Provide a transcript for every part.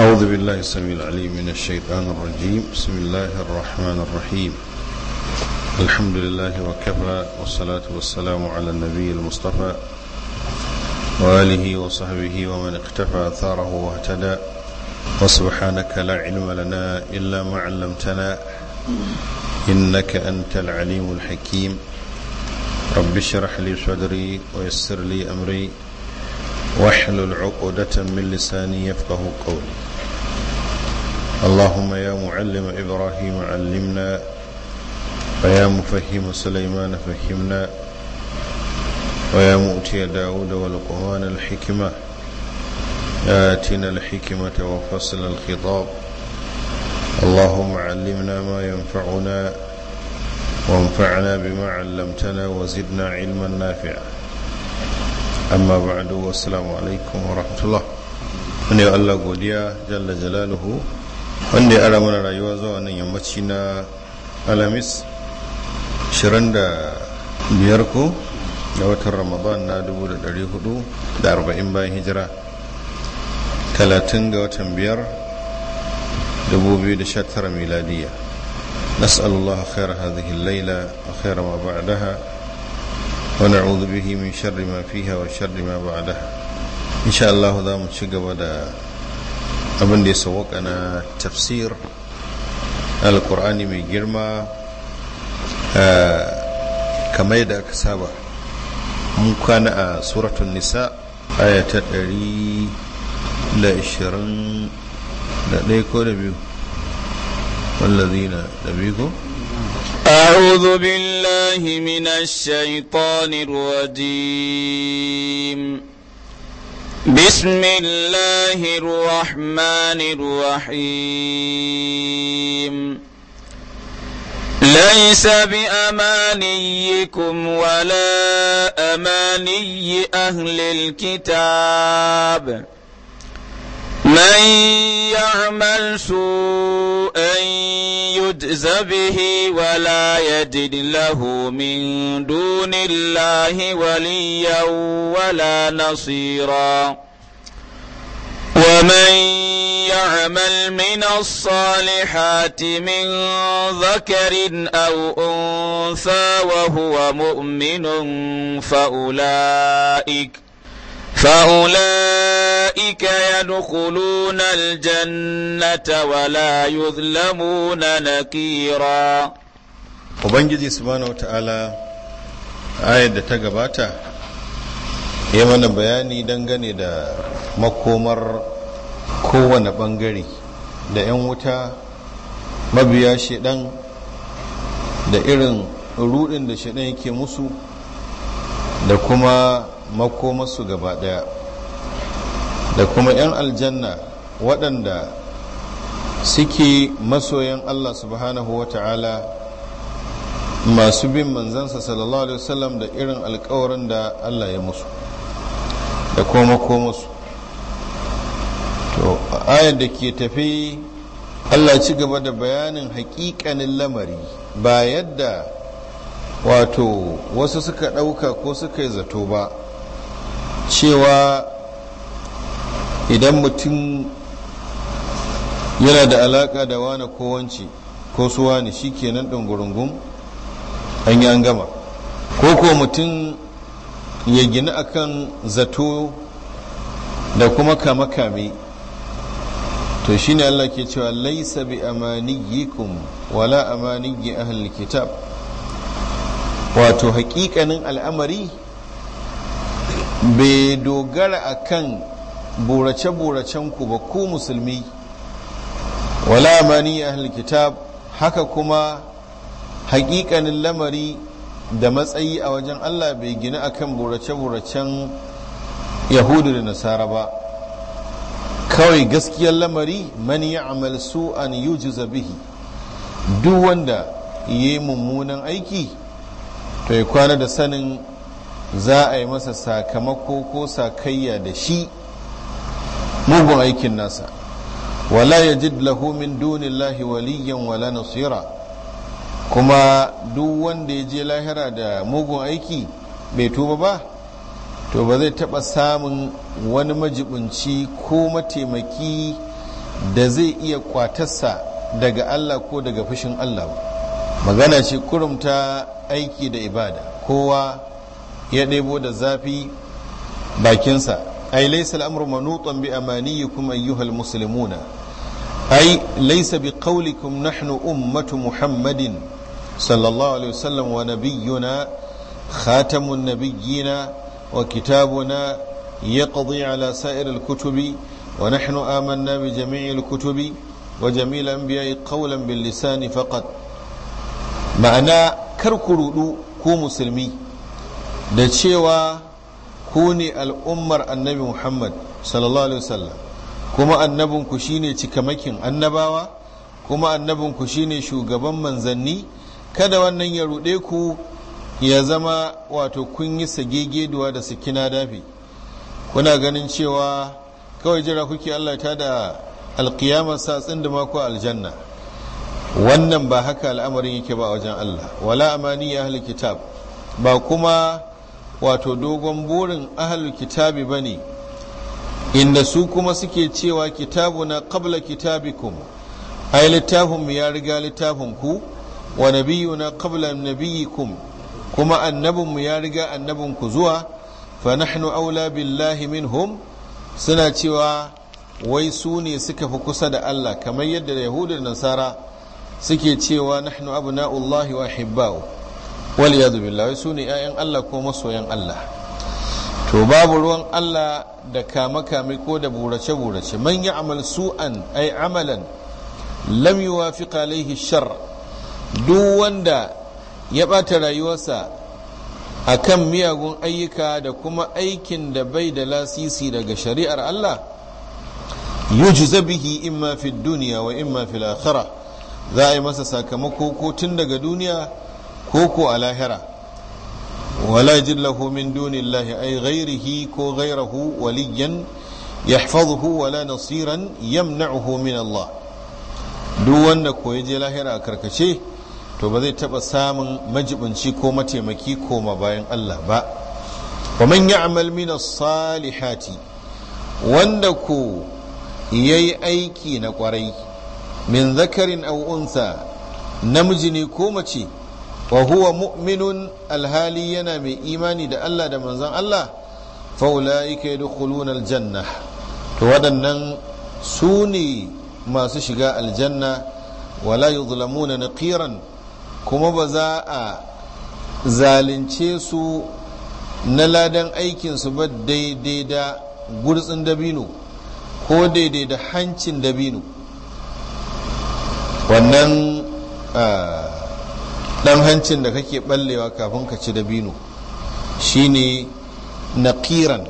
أعوذ بالله السميع العليم من الشيطان الرجيم بسم الله الرحمن الرحيم الحمد لله وكفى والصلاة والسلام على النبي المصطفى وآله وصحبه ومن اقتفى أثاره واهتدى وسبحانك لا علم لنا إلا ما علمتنا إنك أنت العليم الحكيم رب اشرح لي صدري ويسر لي أمري واحلل عقدة من لساني يفقه قولي اللهم يا معلم إبراهيم علمنا ويا مفهم سليمان فهمنا ويا مؤتي داود والقرآن الحكمة آتنا الحكمة وفصل الخطاب اللهم علمنا ما ينفعنا وانفعنا بما علمتنا وزدنا علما نافعا amma ba'du assalamu alaikum wa rahmatullah wanda ya Allah godiya jalla jalaluhu wanda ya ara mana rayuwa zuwa nan yammaci na alamis 25 ko da watan ramadan na 1440 bayan hijira 30 ga watan 5 2019 miladiya نسأل الله خير هذه الليلة وخير ما بعدها ونعوذ به من شر ما فيها وشر ما بعدها إن شاء الله ذا متشقب دا أبن دي سوق أنا تفسير القرآن من جرما كما يدى كسابة مكان سورة النساء آية تدري لا إشرن لا ليكو لبيو والذين نبيكم أعوذ بالله من الشيطان الرجيم بسم الله الرحمن الرحيم ليس بأمانيكم ولا أماني أهل الكتاب ۖ من يعمل سوءا يجز به ولا يجد له من دون الله وليا ولا نصيرا ومن يعمل من الصالحات من ذكر أو أنثى وهو مؤمن فأولئك فأولئك يدخلون الجنة ولا na نكيرا Ubangiji subhanahu wa ta'ala ayar da ta gabata ya mana bayani dangane da makomar kowane ɓangare, da 'yan wuta mabiya shaɗan da irin ruɗin da shaɗan yake musu da kuma makomarsu gaba daya da kuma 'yan aljanna waɗanda suke masoyan Allah subhanahu wa ta'ala masu bin manzansa sallallahu alaihi wasallam da irin alkawarin da Allah ya musu da kuma makomarsu to ayar da ke tafi Allah ci gaba da bayanin hakikanin lamari ba yadda wato wasu suka ɗauka ko suka yi zato ba cewa idan mutum yana da alaka da wane kowanci ko su wani shi kenan ɗungurungun an yi an gama ko ko mutum ya gina akan zato da kuma kame-kame to shi ne Allah ke cewa laisa bi amaniyikum wala amaniyi ahlul kitab wato hakikanin al'amari bai dogara a kan burace ku ba ku musulmi wala mani a kitab haka kuma hakikanin lamari da matsayi a wajen Allah bai gina a kan burace-buracen yahudu da nasara ba kawai gaskiyar lamari mani ya amal su an bihi duk wanda ya yi mummunan aiki to ya kwana da sanin za a yi masa sakamako ko sakayya da shi mugun aikin nasa wala yajid lahu min lahi waliyan wala nasira kuma duk wanda ya je lahira da mugun aiki bai tuba ba to ba zai taɓa samun wani majibinci ko mataimaki da zai iya kwatarsa daga Allah ko daga fushin Allah ba magana ce kurumta aiki da ibada kowa ya ɗebo da zafi bakinsa ai laysa al'amru manutan bi amaniyikum ayyuhal muslimuna ai laysa bi qawlikum nahnu ummatu muhammadin sallallahu alaihi wasallam wa nabiyyuna khatamun nabiyyina wa kitabuna يقضي على سائر الكتب ونحن wa بجميع الكتب وجميع الأنبياء قولا باللسان فقط ma'ana kar ku rudu ku musulmi da cewa ku ne al'ummar annabi muhammad sallallahu alaihi wasallam kuma annabinku shine cikamakin annabawa kuma annabinku shine shugaban manzanni kada wannan ya ruɗe ku ya zama wato kun yi sagegeduwa da sikina dafi kuna ganin cewa kawai jira kuke allah ta da alkiyamar sa da mako aljanna wannan ba haka al'amarin yake ba wajen allah wala amani ya kitab ba kuma wato dogon burin ahlul kitabi bane inda su kuma suke cewa na qabla kitabikum ai littafin ya riga littafin ku wa nabiyuna qabla nabiyikum kuma annabinmu ya riga annabinku zuwa fa nahnu aula billahi minhum suna cewa wai su ne suka fi kusa da Allah kamar yadda da Yahudu da Nasara suke cewa nahnu abna'ullahi wa hibba'u wal yadu billahi su ne 'ya'yan Allah ko masoyan Allah to babu ruwan Allah da kama kame ko da burace burace man ya amal su'an ai amalan lam yuwafiq alaihi shar duk wanda ya bata rayuwarsa akan miyagun ayyuka da kuma aikin da bai da lasisi daga shari'ar Allah yujza bihi imma fi duniya wa imma fil akhirah za a yi masa sakamako ko tun daga duniya ko ko a lahira wala jillahu min dunillahi ay ghairihi ko ghairahu waliyan yahfazuhu wala nasiran yamna'uhu min Allah duk wanda ko ya je lahira a karkace to ba zai taba samun majibinci ko mataimaki ko bayan Allah ba wa man ya'mal min as-salihati wanda ko yayi aiki na kwarai min zakarin aw unsa namiji ne ko mace wa huwa mu'minun alhali yana mai imani da Allah da manzon Allah fa ulaika yadkhuluna janna. to waɗannan su ne masu shiga aljanna wala na naqiran kuma ba za a zalunce su na ladan aikinsu ba daidai da gurtsin dabino ko daidai da hancin dabino wannan ah, dan hancin da kake ballewa kafin ka ci dabino shine naqiran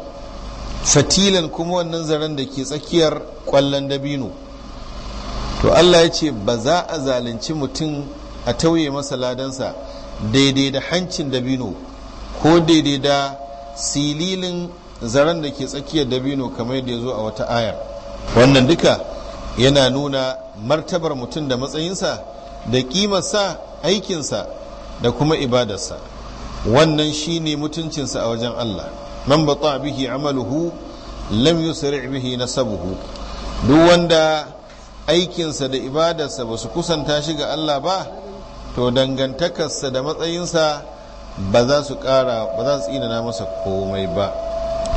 fatilan kuma wannan zaren da ke tsakiyar kwallon dabino to Allah ya ce ba za a zalunci mutum a tauye masa ladansa daidai da hancin dabino ko daidai da sililin zaren da ke tsakiyar dabino kamar da ya zo a wata ayar wannan duka yana nuna martabar mutum da matsayinsa da kimarsa aikinsa da kuma ibadarsa wannan shine mutuncinsa a wajen Allah man bata bihi amaluhu lam yusri bihi nasabuhu duk wanda aikinsa da ibadarsa ba su kusanta shi ga Allah ba to dangantakarsa da matsayinsa ba za su ƙara ba za su tsinana masa komai ba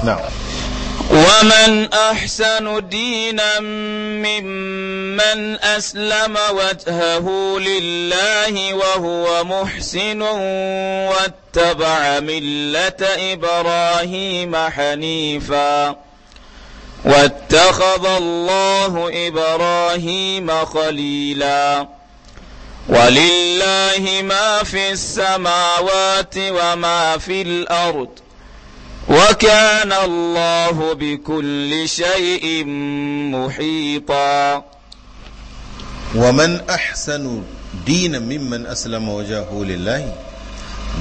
na'am ومن أحسن دينا ممن أسلم وجهه لله وهو محسن واتبع ملة إبراهيم حنيفا واتخذ الله إبراهيم خليلا ولله ما في السماوات وما في الأرض وكان الله بكل شيء محيطا ومن أحسن دينا ممن أسلم وجهه لله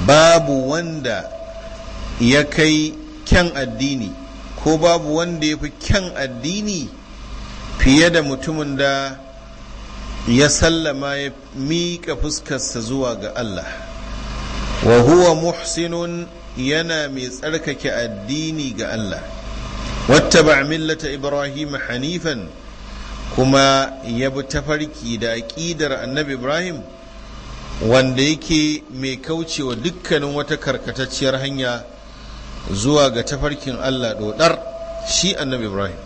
باب وندا يكي كان الديني ko babu wanda ya fi kyan addini fiye da mutumin da ya sallama ya miƙa fuskarsa zuwa ga Allah wa muhsinun yana mai tsarkake addini ga Allah Wata wattaba millata Ibrahim hanifan kuma ya bi tafarki da aƙidar annabi Ibrahim wanda yake mai kaucewa dukkanin wata karkatacciyar hanya zuwa ga tafarkin Allah dodar shi annabi Ibrahim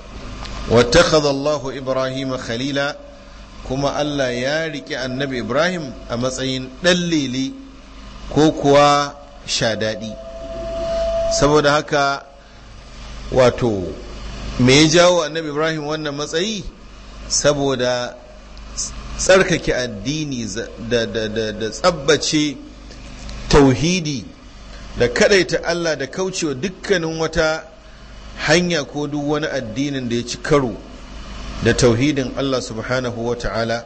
Wata Allahu Ibrahim khalila kuma Allah ya riƙe annabi Ibrahim a matsayin ɗan lele ko kuwa sha daɗi saboda haka wato me ya jawo annabi ibrahim wannan matsayi saboda tsarkake addini da tsabbace tauhidi da kadaita allah da kaucewa dukkanin wata hanya ko duk wani addinin da ya ci karo da tauhidin allah subhanahu wa ta'ala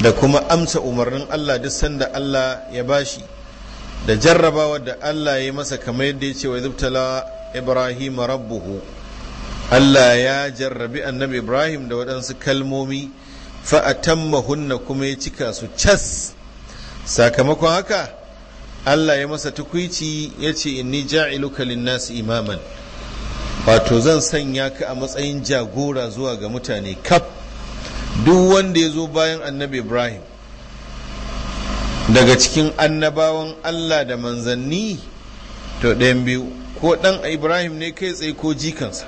da kuma amsa umarnin allah duk sanda allah ya bashi da jarrabawa da Allah ya masa kamar yadda ya ce wa zubtala Ibrahim rabbuhu Allah ya jarrabi annabi Ibrahim da waɗansu kalmomi fa'atammahunna kuma ya cika su cas sakamakon haka Allah ya masa tukwici ya ce inni ja'iluka nasu imaman wato zan sanya ka a matsayin jagora zuwa ga mutane kaf duk wanda ya zo bayan annabi Ibrahim daga cikin annabawan Allah da manzanni to ɗayan biyu ko ɗan Ibrahim ne kai tsaye ko jikansa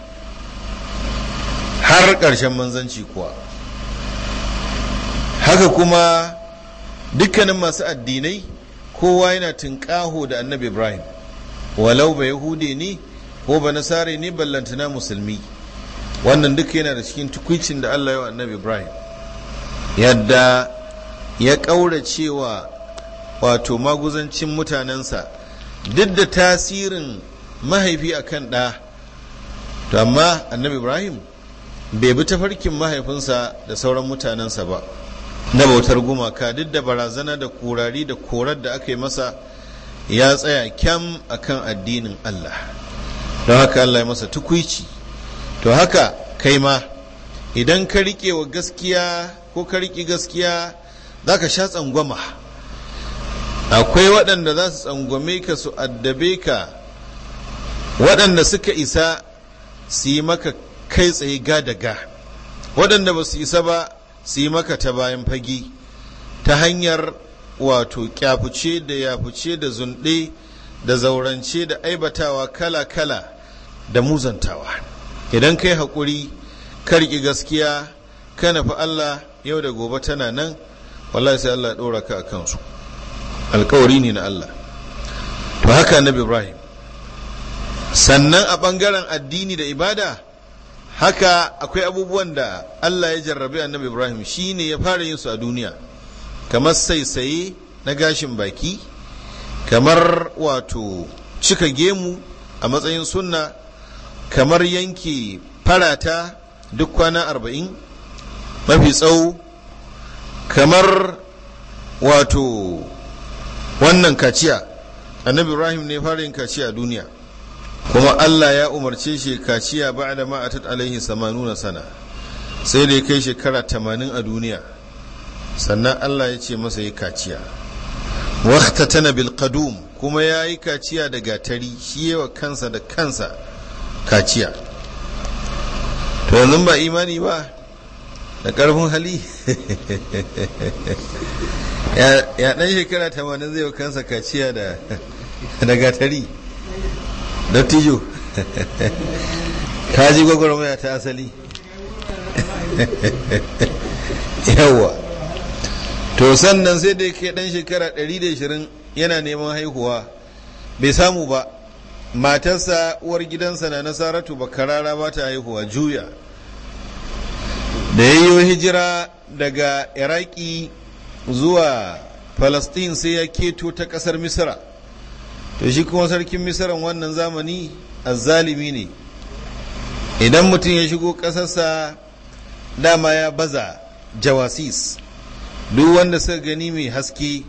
har ƙarshen manzanci kuwa haka kuma dukkanin masu addinai kowa yana tunƙaho da annabi Ibrahim walau ba Yahudi ne ko ba nasare ne ballantana musulmi wannan duk yana da cikin tukwicin da Allah ya wa annabi Ibrahim yadda ya ƙaura cewa wato maguzancin mutanensa duk da tasirin mahaifi a kan ɗa to amma annabi ibrahim bai bi tafarkin mahaifinsa da sauran mutanensa ba na bautar gumaka duk da barazana da kurari da korar da aka yi masa ya tsaya kyam akan addinin allah don haka allah ya masa tukuici to haka kai ma idan ka riƙe wa gaskiya ko ka riƙe gaskiya za ka sha tsangwama akwai waɗanda za su tsangwame ka su addabe ka waɗanda suka isa su yi maka kai tsaye ga ga waɗanda ba su isa ba su yi maka ta bayan fagi ta hanyar wato kyafuce da yafuce da zunɗe da zaurance da aibatawa kala-kala da muzantawa idan kai haƙuri karki gaskiya ka nafi allah yau da gobe tana nan wallahi sai allah ɗora ka a kansu alkawari ne na Allah to haka nabi Ibrahim sannan a ɓangaren addini da ibada haka akwai abubuwan da Allah ya jarrabe annabi Ibrahim shi ne ya fara yin su a duniya kamar saisaye na gashin baki kamar wato cika gemu a matsayin sunna kamar yanke farata duk kwana arba'in mafi tsawo kamar wato wannan kaciya annabi ibrahim ne farin kaciya duniya kuma allah ya umarce shi kaciya ba da ma'atat alaihi na sana sai da ya kai shekara tamanin a duniya sannan allah ya ce masa ya kaciya wakta tana bilkadum kuma ya yi kaciya da gatari shi yawa kansa da kansa kaciya to yanzu ba imani ba da ƙarfin hali ya ɗan shekara tamanin zai kansa kaciya da gatari da tijo ta ji gwagwarmaya ta asali yawa to sannan sai da ke ɗan shekara 120 yana neman haihuwa bai samu ba matarsa uwar gidansa na nasaratu bakarara ba ta haihuwa juya da ya yi hijira daga iraki zuwa palestine sai ya keto ta kasar misira to shi kuma sarkin misira wannan zamani azzalimi ne idan mutum ya shigo ƙasarsa dama ya baza jawasis duk wanda suka gani mai haske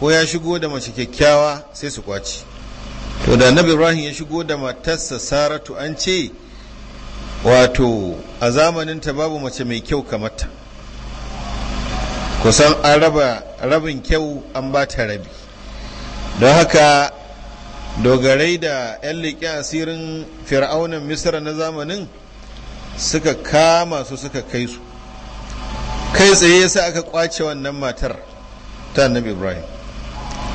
ko ya shigo da mace kyakkyawa sai su kwaci to da nabi ibrahim ya shigo da matarsa saratu an ce wato a zamaninta babu mace mai kyau kamar ta kusan an raba rabin kyau an ba ta rabi don haka dogarai da 'yan leƙi asirin fir'aunan misra na zamanin suka kama su suka kai su kai tsaye sa aka kwace wannan matar ta annabi ibrahim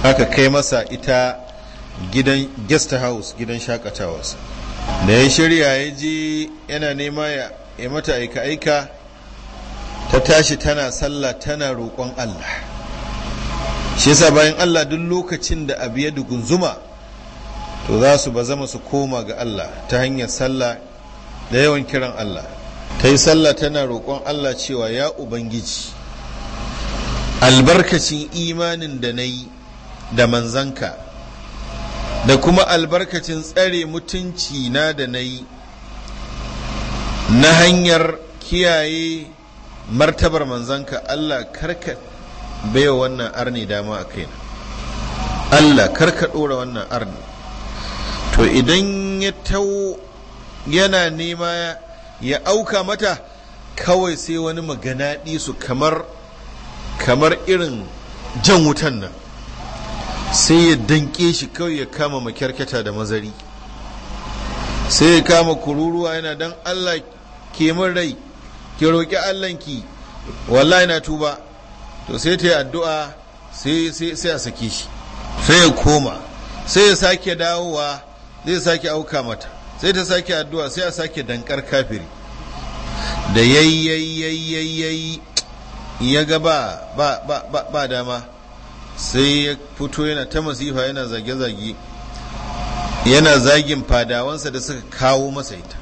aka kai masa ita gidan guest house gidan shakatawarsa da ya shirya ya ji yana nema ya mata aika-aika ta tashi tana sallah tana roƙon Allah shi yasa bayan Allah duk lokacin da abu ya dugunzuma to za su ba zama su koma ga Allah ta hanyar sallah da yawan kiran Allah ta yi sallah tana roƙon Allah cewa ya Ubangiji albarkacin imanin da na yi da manzanka da kuma albarkacin tsare mutunci na da na yi na hanyar kiyaye martabar manzanka Allah karka baiwa wannan arni dama a kaina Allah karka ɗora wannan arni to idan ya tau yana nema ya auka mata kawai sai wani maganaɗi su kamar irin jan wutan nan sai ya danke shi kawai ya kama makyarkata da mazari sai ya kama kururuwa yana dan Allah ke min rai ki roƙi Allahnki wallahi na tuba to sai ta yi addu'a sai a sake shi sai ya koma sai ya sake dawowa zai sake auka mata sai ta sake addu'a sai a sake dankar kafiri da yayi yayi yayi ya ga ba ba ba dama sai ya fito yana ta masifa yana zage-zage yana zagin fadawansa da suka kawo masa ita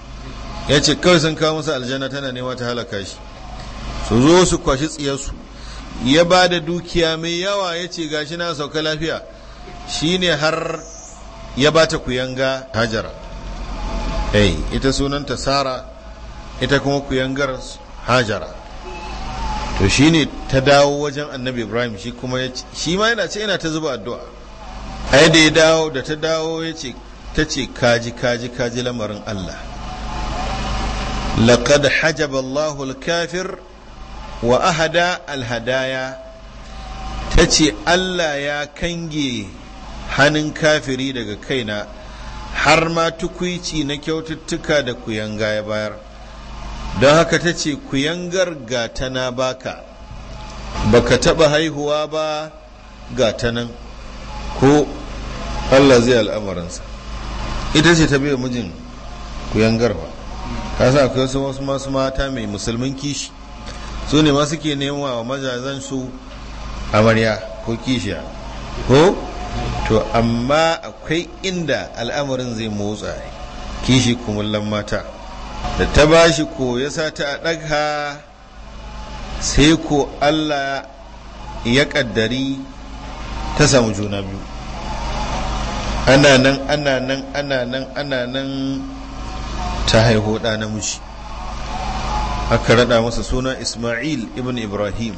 ya ce kawai sun kawo masa aljanna tana nema ta halaka shi su zo su kwashi tsiyarsu ya ba da dukiya mai yawa ya ce shi na sauka lafiya shine har ya ba ta kuyanga hajara eh, ita sunanta sara ita kuma kuyangar hajara to shi ne ta dawo wajen annabi ibrahim shi kuma ya shi ma yana ce yana ta zuba addu'a ai da ya dawo da ta dawo ya ce ta ce kaji kaji kaji lamarin allah laqad hajaba allahu al-kafir wa ahada alhadaya hadaya ta ce allah ya kange hannun kafiri daga kaina har ma tukwici na kyaututtuka da kuyanga ya bayar don haka ta ce ku yangar gatana baka baka taba haihuwa ba gatanan ko allah zai al'amarinsa ita ce ta biya mijin ku yangar ba ka sa akwai wasu wasu masu mata mai musulmin kishi su ne masu ke nema wa mazazan su amarya ko kishiya ko to amma akwai inda al'amarin zai motsa kishi kumullan mata da ta ba shi ko ya sa ta a ɗaga sai ko Allah ya ƙaddari ta samu juna biyu ana nan ana nan ana nan ana nan ta haihu ɗa namiji aka raɗa masa suna Ismail ibn Ibrahim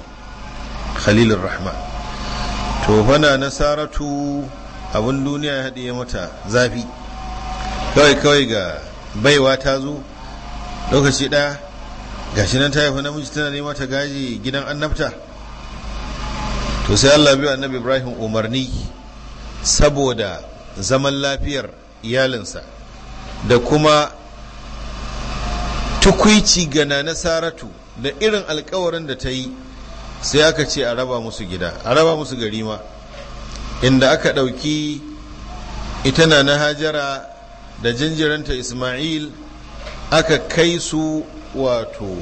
Khalilur Rahman to fana Saratu abin duniya ya haɗe mata zafi kawai kawai ga baiwa ta zo lokaci ɗaya gashi nan ta haifa namiji tana nema ta gaji gidan annabta to sai Allah biyu annabi Ibrahim umarni saboda zaman lafiyar iyalinsa da kuma tukwici ga na saratu da irin alkawarin da ta yi sai aka ce a raba musu gida a raba musu gari ma inda aka ɗauki ita na na hajara da jinjiranta ismail aka kai su wato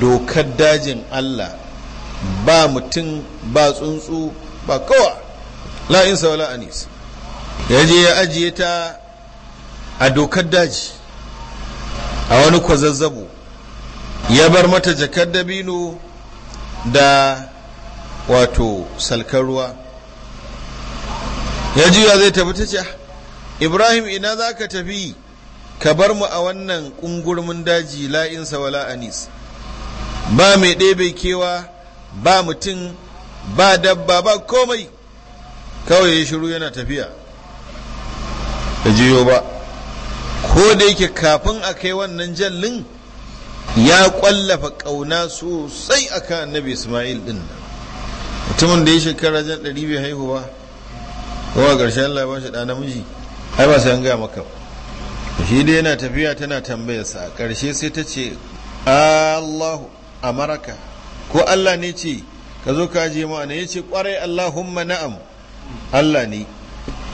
dokar dajin Allah ba mutum ba tsuntsu ba kowa sa wala anis ya je ya ajiye ta a dokar daji a wani kwazazzabu ya bar mata jakar dabino da wato salkar ruwa ya juya zai tafi ta ce ah, ibrahim ina za ka tafi ka bar mu a wannan ƙungurmin daji la'insa wala anis ba mai ɗebe kewa ba mutum ba dabba ba komai kawai ya shiru yana tafiya da jiyo ba ko da yake kafin a kai wannan jallin ya ƙwallafa ƙauna sosai a kan annabi ismail ɗin mutumin da ya shekara jan ɗari bai haihuwa a ƙarshen labar shi ɗa namiji ai ba sai an gaya maka ba shi dai yana tafiya tana tambayarsa a ƙarshe sai ta ce allahu amaraka ko allah ne ce ka zo ka je ma'ana ya ce ƙwarai allahumma na'am allah ne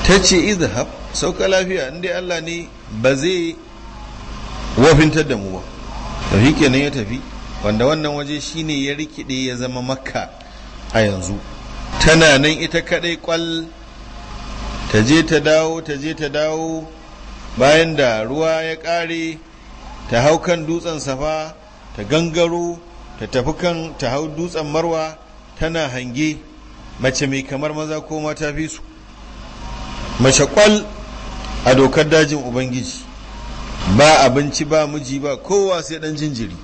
ta ce izhab sauka lafiya inda allah ne ba zai wafintar da mu ba tafi kenan ya tafi wanda wannan waje shine ya rikide ya zama makka a yanzu tana nan ita kadai kwal ta je ta dawo ta je ta dawo bayan da ruwa ya ƙare ta hau kan dutsen safa ta gangaro ta tafi kan ta hau dutsen marwa tana hange mace mai kamar maza ko mata fi su mace ƙwal a dokar dajin ubangiji ba abinci ba miji ba kowa sai dan jinjiri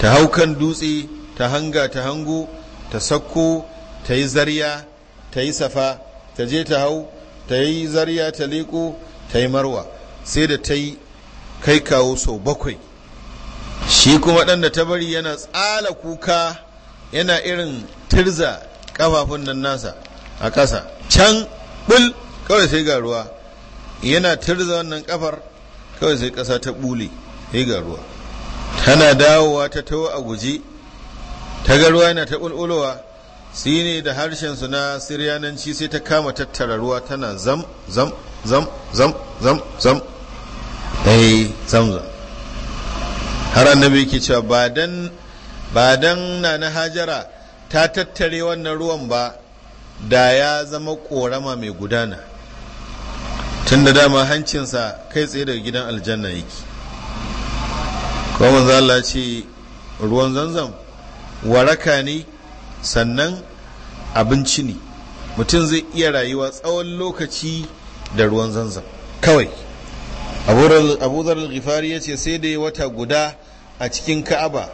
ta hau kan dutse ta hanga ta hango ta sakko ta yi zariya ta yi safa ta je ta hau ta yi zariya ta leƙo ta yi marwa sai da ta yi kai kawo sau bakwai shi kuma ɗan da ta bari yana tsala kuka yana irin tirza kafafun nan nasa a ƙasa can ɓul kawai sai ga ruwa yana tirza wannan kafar kawai sai ƙasa ta ɓule sai ga ruwa tana dawowa ta tawo a guje ta ga ruwa yana ta ɓulɓulowa su ne da harshensu na siryananci sai ta kama tattara ruwa tana zam zam zam zam zam zam eh zamzam har annabi ke cewa ba dan na na hajara ta tattare wannan ruwan ba da ya zama korama mai gudana tun da dama hancinsa kai tsaye daga gidan aljanna yake kuma Allah ce ruwan zanzam waraka ne sannan abinci ne mutum zai iya rayuwa tsawon lokaci da ruwan zanzam kawai abu zarar ya ce sai dai wata guda a cikin ka'aba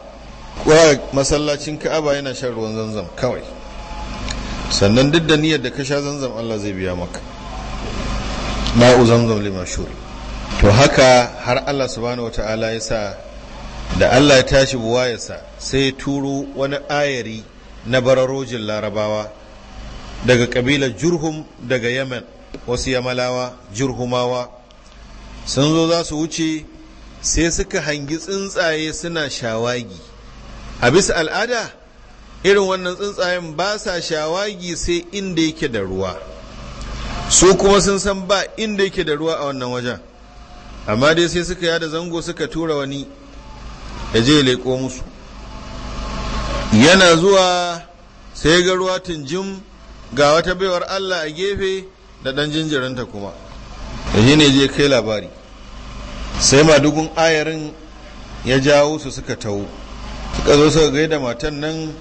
wa masallacin ka'aba yana shan ruwan zanzam kawai sannan duk da niyyar da ka sha zanzam allah zai biya maka ma'u zamzam lima shuri to haka har allah subhanahu wata'ala ya sa da allah ya tashi buwa ya sa sai ya turo wani ayari na bararojin larabawa daga kabilar jurhum daga yaman wasu yamalawa jurhumawa sun zo za su wuce sai suka hangi tsuntsaye suna shawagi a bisa al'ada irin wannan tsuntsayen ba sa shawagi sai inda yake da ruwa su kuma sun san ba inda yake da ruwa a wannan wajen amma dai sai suka yada zango suka tura wani ya je leƙo musu yana zuwa sai ga ruwa tunjim ga wata baiwar allah a gefe da ɗan jinjirinta kuma da shi ne je kai labari sai madugun ayarin ya jawo su suka tawo suka zo suka gaida matan nan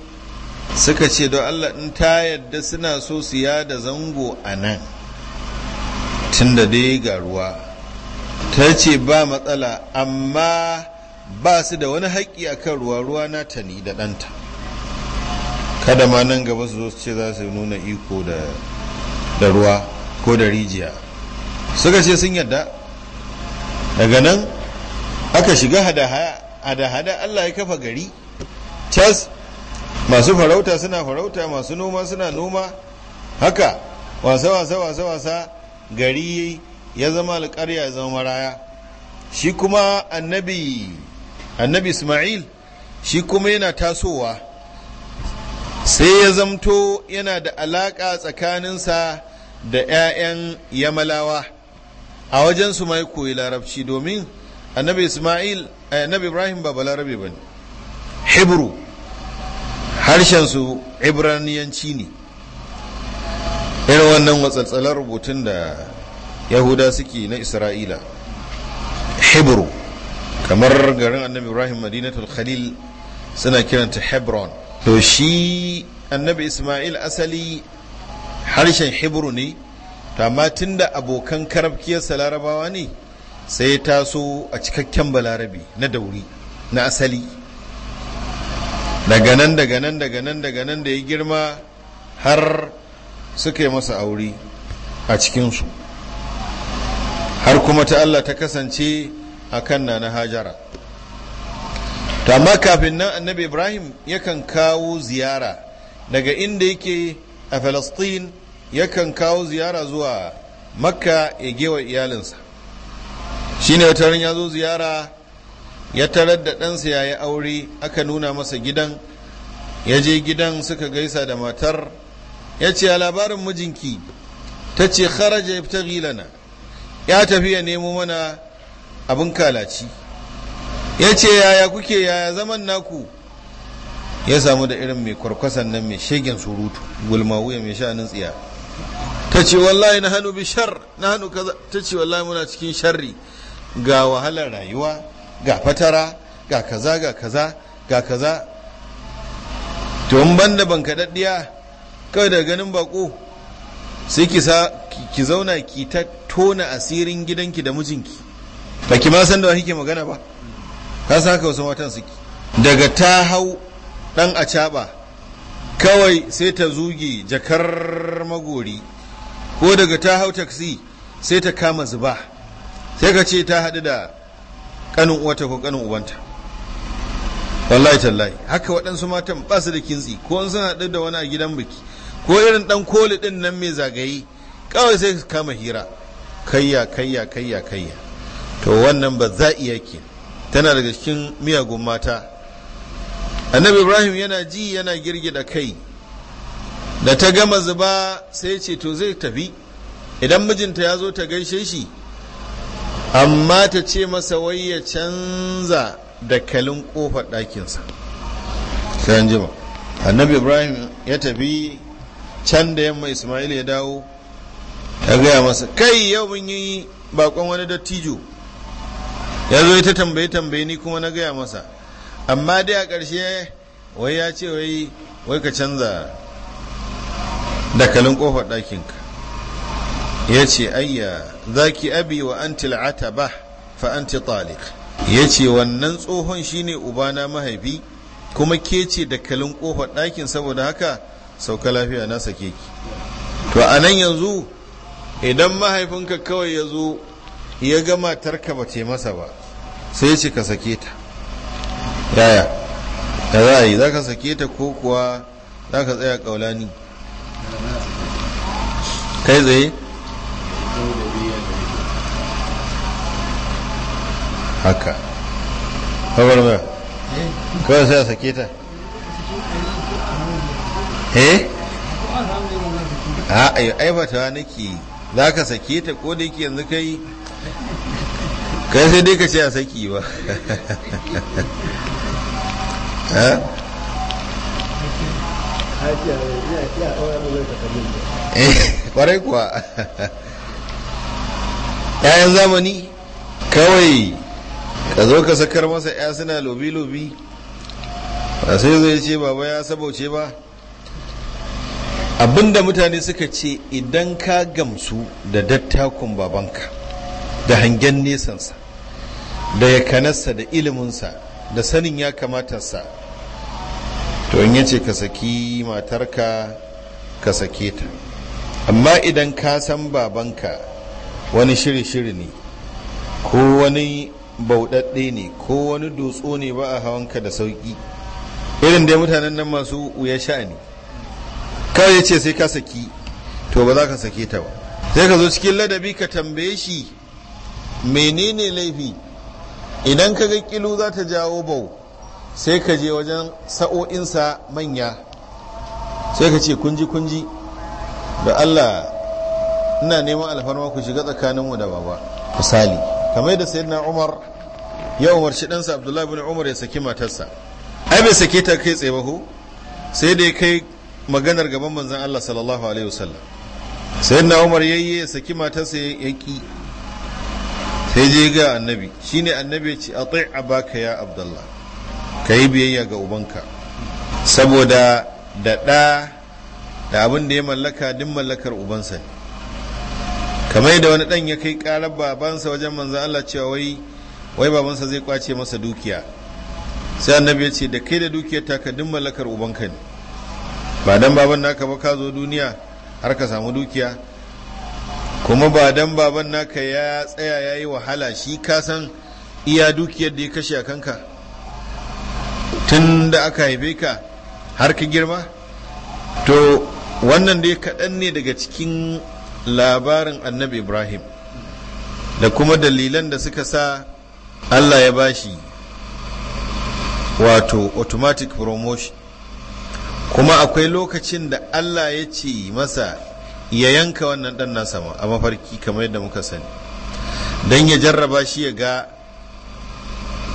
suka ce don allah in ta yadda suna so su yada zango a nan tun da dai ga ruwa ta ce ba matsala amma ba su da wani haƙƙi a kan ruwa ruwa na ta ni da ɗanta kada ma nan gaba su zo su ce za su nuna iko da ruwa ko da rijiya suka ce sun yadda daga nan aka shiga hada-hada allah ya kafa gari cas masu farauta suna farauta masu noma suna noma haka wasa-wasa-wasa-wasa gari ya zama alƙarya ya zama maraya shi kuma annabi annabi ismail shi kuma yana tasowa sai ya zamto yana da alaƙa tsakaninsa da 'ya'yan yamalawa a wajen su mai koyi larabci domin annabi isma'il eh, annabi ibrahim ba balarabe ba ne harshen harshensu ibraniyanci ne irin wannan watsatsalar rubutun da yahuda suke na isra'ila Hibru kamar garin annabi ibrahim madinatul khalil suna kiranta hebron to shi annabi isma'il asali harshen Hibru ne to da abokan karafkiyarsa larabawa ne sai ya taso a cikakken balarabi na dauri na asali daga nan daga nan daga nan daga nan da ya girma har suka yi masa aure a cikinsu har kuma ta Allah ta kasance a kan na na hajara ta ma kafin nan annabi ibrahim yakan kawo ziyara daga inda yake a falastin yakan kawo ziyara zuwa makka ya gewa iyalinsa Shi shine wataran ya zo ziyara ya tarar da ɗansa ya yi aure aka nuna masa gidan ya je gidan suka gaisa da matar ya ce a labarin mijinki ta ce kharaja ibtaghi gilana ya tafi ya nemo mana abin kalaci ya ce yaya kuke yaya zaman naku ya samu da irin mai kwarkwasan nan mai shegen surutu gulma wuya mai sha'anin tsiya ta ce wallahi na hannu bishar na hannu kaza ta ce wallahi muna cikin sharri ga wahalar rayuwa ga fatara ga kaza ga kaza ga kaza to in banda ban kaɗaɗɗiya kawai da ganin bako sai ki ki zauna ki ta tona asirin gidanki da mijinki ba ki ma san da kike magana ba ka san ka wasu watan suke daga ta hau dan a kawai sai ta zuge jakar magori ko daga ta hau taksi sai ta kama zuba sai ka ce ta haɗu da ƙanin uwata ko ƙanin ubanta wallahi tallahi haka waɗansu matan ba su da kintsi ko suna haɗu da wani a gidan biki ko irin ɗan koli ɗin nan mai zagaye kawai sai ka kama hira kayya kayya kayya kayya to wannan ba za iya ke tana daga cikin miyagun mata annabi ibrahim yana ji yana girgida kai da ta gama zuba sai ce to zai tafi idan mijinta ya zo ta gaishe shi amma ta ce masa wai ya canza dakalin kofar ɗakinsa sai jima annabi ibrahim ya tafi can da yamma ismail ya dawo ya gaya masa kai yau mun yi bakon wani dattijo ya zo ya ta tambaye tambaye ni kuma na gaya masa amma dai a ƙarshe wai ya ce wai wai ka canza dakalin ƙofar ɗakinka ya ce ayya Za ki abi wa anti ba fa anti talik ya ce wannan tsohon shine ubana mahaifi kuma ke ce dakalin ƙofar ɗakin saboda haka sauka lafiya na sake ki to a nan yanzu idan mahaifinka kawai ya zo ya ga matarka ba masa ba sai ce ka sake ta yaya da za a yi za ka sake ta ko kuwa za ka tsaya kaulani kai zai haka kawar ba kawai sai a sake ta he eh? a aibata nake za ka sake ta ko da yake yanzu kai kai sai dai ka ce a saki ba Eh, kwarai kuwa ‘ya'yan zamani kawai ka zo ka sakar masa ‘ya suna lobi-lobi ba sai zai ce baba ya sabauce ba abinda mutane suka ce idan ka gamsu da dattakun babanka da hangen nesansa da ya yakanarsa da iliminsa da sanin ya kamata sa, to in yace ka saki matarka ka sake ta amma idan ka san babanka wani shiri-shiri ne ko wani bauɗaɗɗe ne ko wani dutso ne ba a hawanka da sauƙi irin dai mutanen nan masu wuya sha'ani kawai ya ce sai ka saki to ba za ka sake ta ba sai ka zo cikin ladabi ka tambaye shi menene laifi idan ka ga kilu za ta jawo bau sai ka je wajen sa'o'insa manya sai ka ce kunji kunji da allah ina neman alfarma ku shiga tsakaninmu da baba misali kamar yadda na umar ya umarci ɗansa abdullahi bin umar ya saki matarsa ai bai sake ta kai tsaye baho sai dai kai maganar gaban manzan allah sallallahu alaihi wasallam na umar yayye ya saki matarsa ya ƙi sai je ga annabi shi ne annabi ce a tsaye a baka ya abdullah ka yi biyayya ga ubanka saboda da ɗa da abin da ya mallaka din mallakar ubansa ne kamar da wani ɗan ya kai ƙarar babansa wajen manzan Allah cewa wai babansa zai kwace masa dukiya sai annabi ya ce da kai da dukiyar ka din mallakar ubanka ne ba dan baban naka ba ka zo duniya har ka samu dukiya kuma ba dan baban naka ya tsaya ya yi wahala shi ka san iya dukiyar da ya kashe a kanka tun da aka haife ka har ka girma to wannan dai kaɗan ne daga cikin labarin annabi ibrahim da kuma dalilan da suka sa allah ya bashi wato automatic promotion kuma akwai lokacin da allah ya ce masa ya yanka wannan dan nasa ma a mafarki kamar yadda muka sani don ya jarraba shi ya ga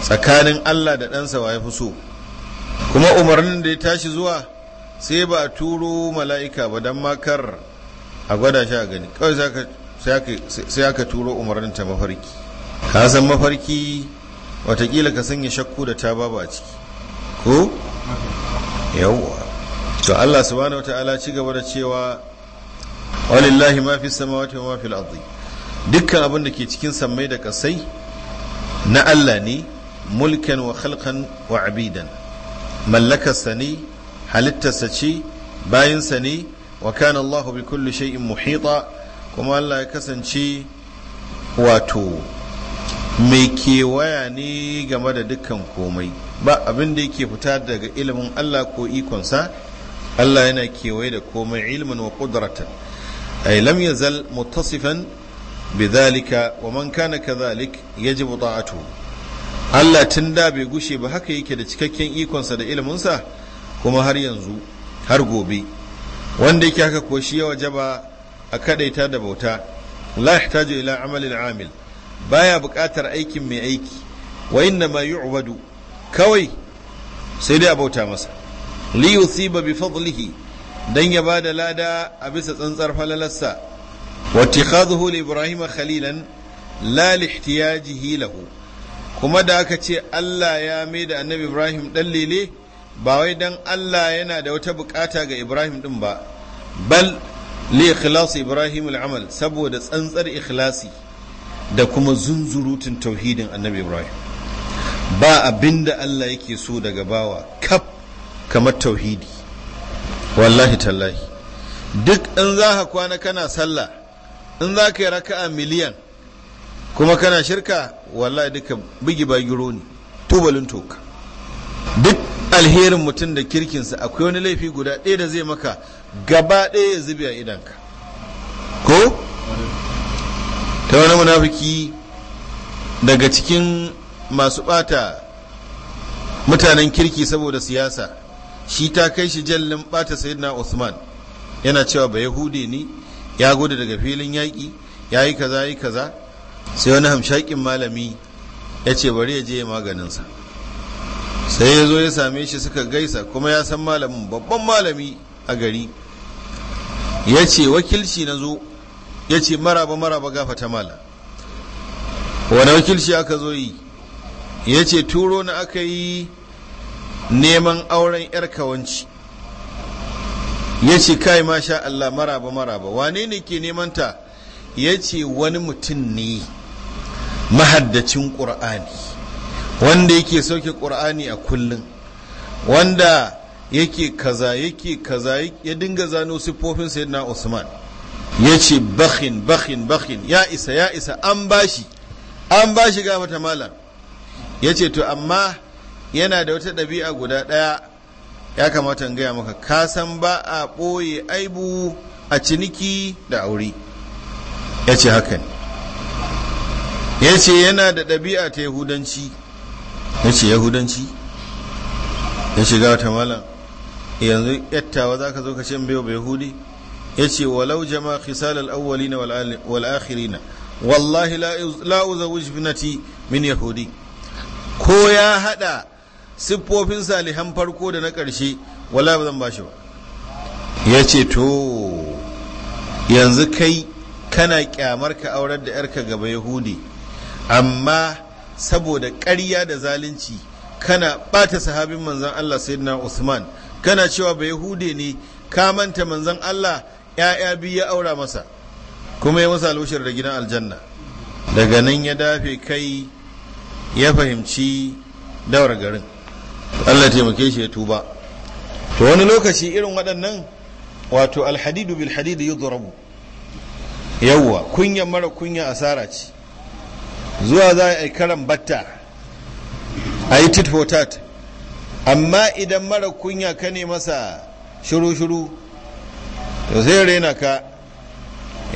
tsakanin Allah da ɗansa wa ya fi so kuma umarnin da ya tashi zuwa sai ba turo mala'ika ba don makar a gwada shi a gani kawai sai aka turo umarnin ta mafarki ka san mafarki watakila ka sanya shakku da ta babu a ciki ko yawwa to Allah subhanahu wa ta'ala ci gaba da cewa walillahi ma fi samawati wa ma fil ardi dukkan abin da ke cikin sammai da kasai na Allah ne mulkan wa khalqan wa abidan mallakarsa ne halittarsa ce bayansa ne wa kana Allah bi kulli shay'in muhita kuma Allah ya kasance wato mai kewaya ne game da dukkan komai ba abin da yake fita daga ilimin Allah ko ikonsa Allah yana kewaye da komai ilmin wa qudratan أي لم يزل متصفا بذلك ومن كان كذلك يجب طاعته Allah tun da bai gushe ba haka yake da cikakken ikonsa da iliminsa kuma har yanzu har gobe wanda yake haka ko shi ya wajaba a kadaita da bauta la yahtaju ila amalil amil baya buƙatar aikin mai aiki wa inna ma yu'badu kawai sai dai a bauta masa li yusiba bi fadlihi don ya ba da lada a bisa tsantsar falalarsa khadhu li ibrahim khalilan li ihtiyajihi lahu kuma da aka ce Allah ya mai da annabi ibrahim dan lele ba wai dan Allah yana da wata bukata ga ibrahim din ba bal li ikhlas ibrahim al'amal saboda tsantsar ikhlasi da kuma zunzurutun tauhidin annabi ibrahim ba abinda Allah yake so daga bawa kaf kamar tauhidi wallahi tallahi duk in za ka kwana kana sallah in za ka yi raka'a miliyan kuma kana shirka wallahi duka bugi bagiro ne tubalin toka duk alherin mutum da kirkinsa akwai wani laifi guda ɗaya da zai maka gaba ɗaya ya zubi a idanka ko ta wani munafiki daga cikin masu ɓata mutanen kirki saboda siyasa shi ta kai shi jallin bata sayyidina Usman yana cewa ba Yahudi ne ya gudu daga filin yaƙi ya yi kaza yi kaza sai wani hamshakin malami ya ce bari ya je ya maganinsa sai ya zo ya same shi suka gaisa kuma ya san malamin babban malami a gari ya ce wakilci na zo ya ce maraba maraba ta mala wani wakilci aka zo yi ya ce turo na aka yi neman auren yar kawanci ya ce kai masha Allah maraba maraba wane ne ke nemanta ya ce wani mutum ne mahaddacin ƙur'ani wanda yake sauke ƙur'ani a kullum wanda yake kaza yake kaza ya dinga zano siffofin sayyidina Usman ya ce bakhin bakhin bakhin ya isa ya isa an bashi an bashi ga mata malam ya ce to amma yana da wata ɗabi'a guda ɗaya ya kamata in gaya maka ka san ba a ɓoye aibu a ciniki da aure ya ce haka ne ya ce yana da ɗabi'a ta yahudanci ya ce yahudanci ya shiga wata malam yanzu yattawa za ka zo ka ce bai ba yahudi ya ce walau jama khisal al na wal'akhiri na. wallahi la uzawij binati min yahudi ko ya hada siffofin salihan farko da na ƙarshe wala ba zan ba shi ba ya ce to yanzu kai kana kyamar ka aurar da yarka gaba yahudi amma saboda ƙarya da zalunci kana ɓata sahabin manzan Allah sayyidina Usman kana cewa ba yahudi ne ka manta manzan Allah ‘ya'ya biyu ya aura masa kuma ya masa alwushar da gidan aljanna daga nan ya dafe kai ya fahimci daura garin Allah taimake shi ya tuba to wani lokaci irin waɗannan wato alhadidu bil hadidu yudrabu yawwa kunya mara kunya asara ce zuwa za a yi karan batta a yi titfotat amma idan mara kunya ka ne masa shiru-shiru to sai raina ka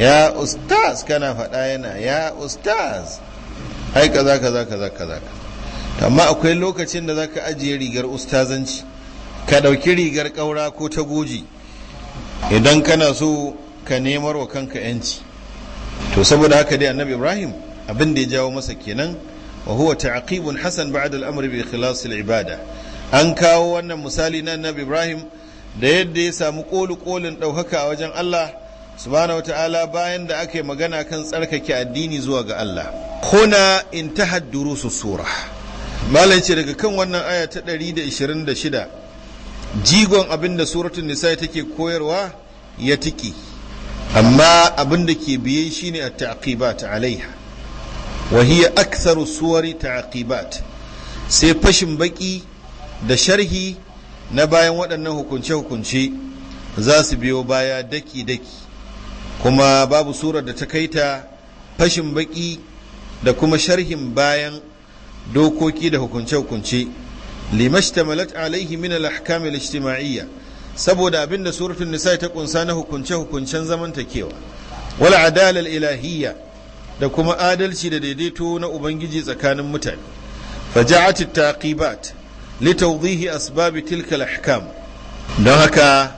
ya ustaz kana faɗa yana ya ustaz ka za ka za ka amma akwai lokacin da za ka ajiye rigar ustazanci ka ɗauki rigar ƙaura ko ta goji idan kana so ka nemar wa kanka yanci to saboda haka dai annabi ibrahim abin da ya jawo masa kenan wa huwa aqibun hasan ba'da al-amr bi ikhlas ibada an kawo wannan misali na annabi ibrahim da yadda ya samu kolu kolin ɗaukaka a wajen allah subhanahu wata'ala bayan da aka yi magana kan tsarkake addini zuwa ga allah huna intahad durusu sura. malai ce daga kan wannan aya ta 126 jigon abinda suratun nisa take koyarwa ya tiki amma abinda ke biye shine a taqibat alaiha wa hiya aktharu suwari taqibat sai fashin baki da sharhi na bayan waɗannan hukunce-hukunce za su biyo baya daki-daki kuma babu surar da ta kaita fashin baki da kuma sharhin bayan dokoki da hukunce-hukunce limashtamalat alaihi min al-ahkam al-ijtima'iyya saboda abinda suratul nisa ta kunsa na hukunce-hukuncen takewa, wal adala ilahiyya da kuma adalci da daidaito na ubangiji tsakanin mutane faja'at at-taqibat tawdihi asbab tilka al-ahkam don haka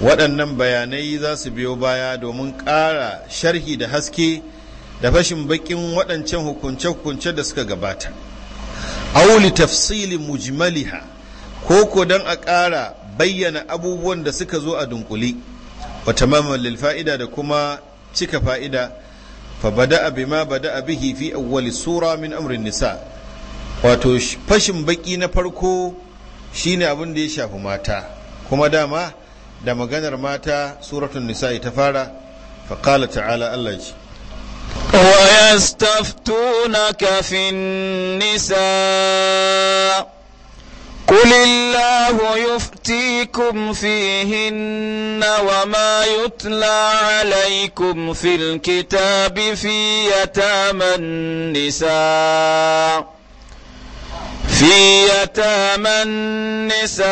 waɗannan bayanai za su biyo baya domin ƙara sharhi da haske da fashin bakin waɗancan hukunce-hukunce da suka gabata auli tafsili mujmaliha ko ko don a ƙara bayyana abubuwan da suka zo a dunkule wa tamaman lil fa'ida da kuma cika fa'ida fa bada'a bima bada bihi fi awwali sura min amrin nisa wato fashin baki na farko shine abin da ya shafi mata kuma dama da maganar mata suratun nisa ta fara fa qala ta'ala Allah ويستفتونك في النساء قل الله يفتيكم فيهن وما يتلى عليكم في الكتاب في يتامى النساء في يتامى النساء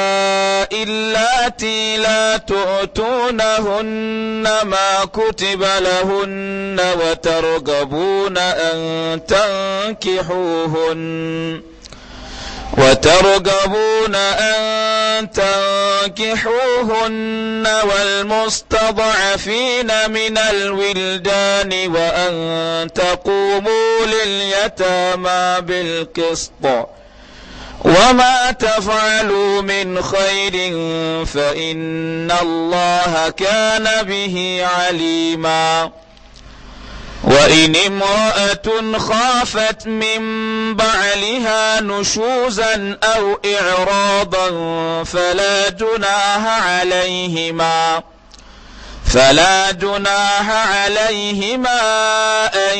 اللاتي لا تؤتونهن ما كتب لهن وترغبون أن تنكحوهن وترغبون أن تنكحوهن والمستضعفين من الولدان وأن تقوموا لليتامى بالقسط وما تفعلوا من خير فإن الله كان به عليما وإن امرأة خافت من بعلها نشوزا أو إعراضا فلا جناها عليهما فلا جناح عليهما أن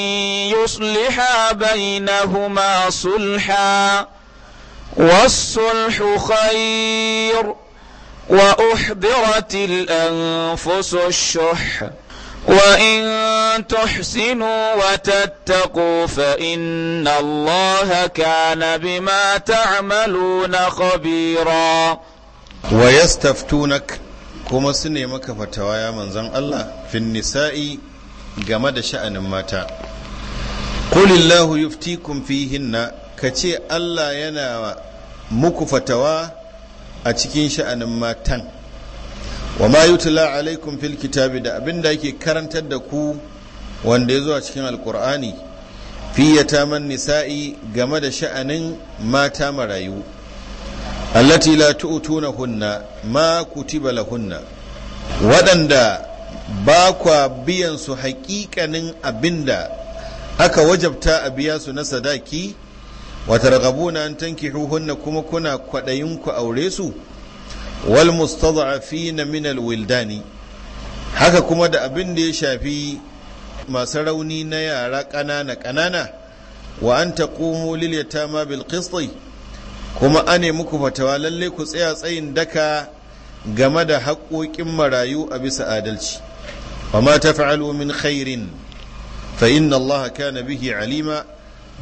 يصلحا بينهما صلحا والصلح خير وأحضرت الأنفس الشح وإن تحسنوا وتتقوا فإن الله كان بما تعملون خبيرا ويستفتونك كما سنمك فتوايا من زن الله في النساء قمد شأن مات قل الله يفتيكم فيهن ka ce allah yana muku fatawa a cikin sha'anin matan wa ma yutla alaikum fil kitabi da abin da yake karantar da ku wanda ya zo a cikin alkur'ani fiyata man nisa'i game da sha'anin mata marayu allati la tu'tuna hunna ma kutiba hunna. waɗanda ba kwa biyan su haƙiƙanin abinda aka wajabta a biya su na sadaki Wata wa targhabuna an tankihuhunna kuma kuna kwaɗayin ku aure su wal mustad'afina min al wildani haka kuma da abin da ya shafi masu rauni na yara ƙanana ƙanana wa an taqumu lil yatama bil qisti kuma ane muku fatawa lalle ku tsaya tsayin daka game da haƙoƙin marayu a bisa adalci wa ta taf'alu min khairin fa inna allaha kana bihi alima